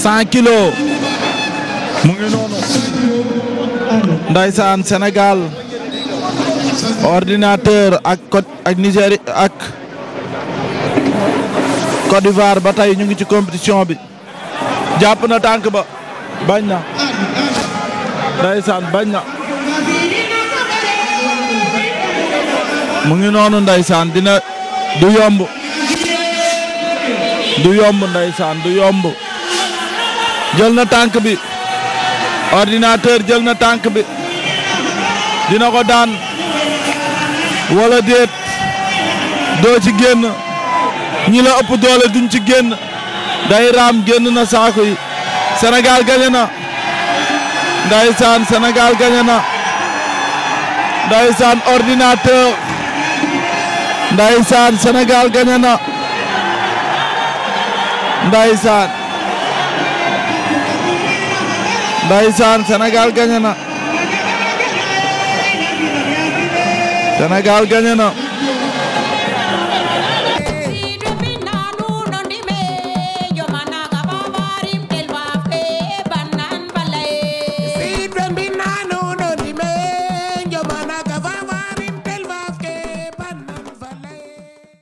100 kilo mu ngi noonu ndaysaan Sénégal ordinateur ak Côte ak Nigéria ak d'Ivoire ba tey ñu ngi ci compétition bi jàpp na tànk ba bañ na ndaysaan bañ na mu ngi noonu ndaysaan dina du yomb du yomb ndaysaan du yomb jël na tànk bi ordinateur jël na tànk bi dina ko daan wala déet doo ci génn ñi la ëpp doole duñ ci génn day raam génn na saako yi Sénégal gañe na ndaysaan Sénégal gañe na ndaysaan ordinateur ndaysaan Sénégal gañe na ndaysaan Ndeysaan Sénégal gagné na Sénégal gagné na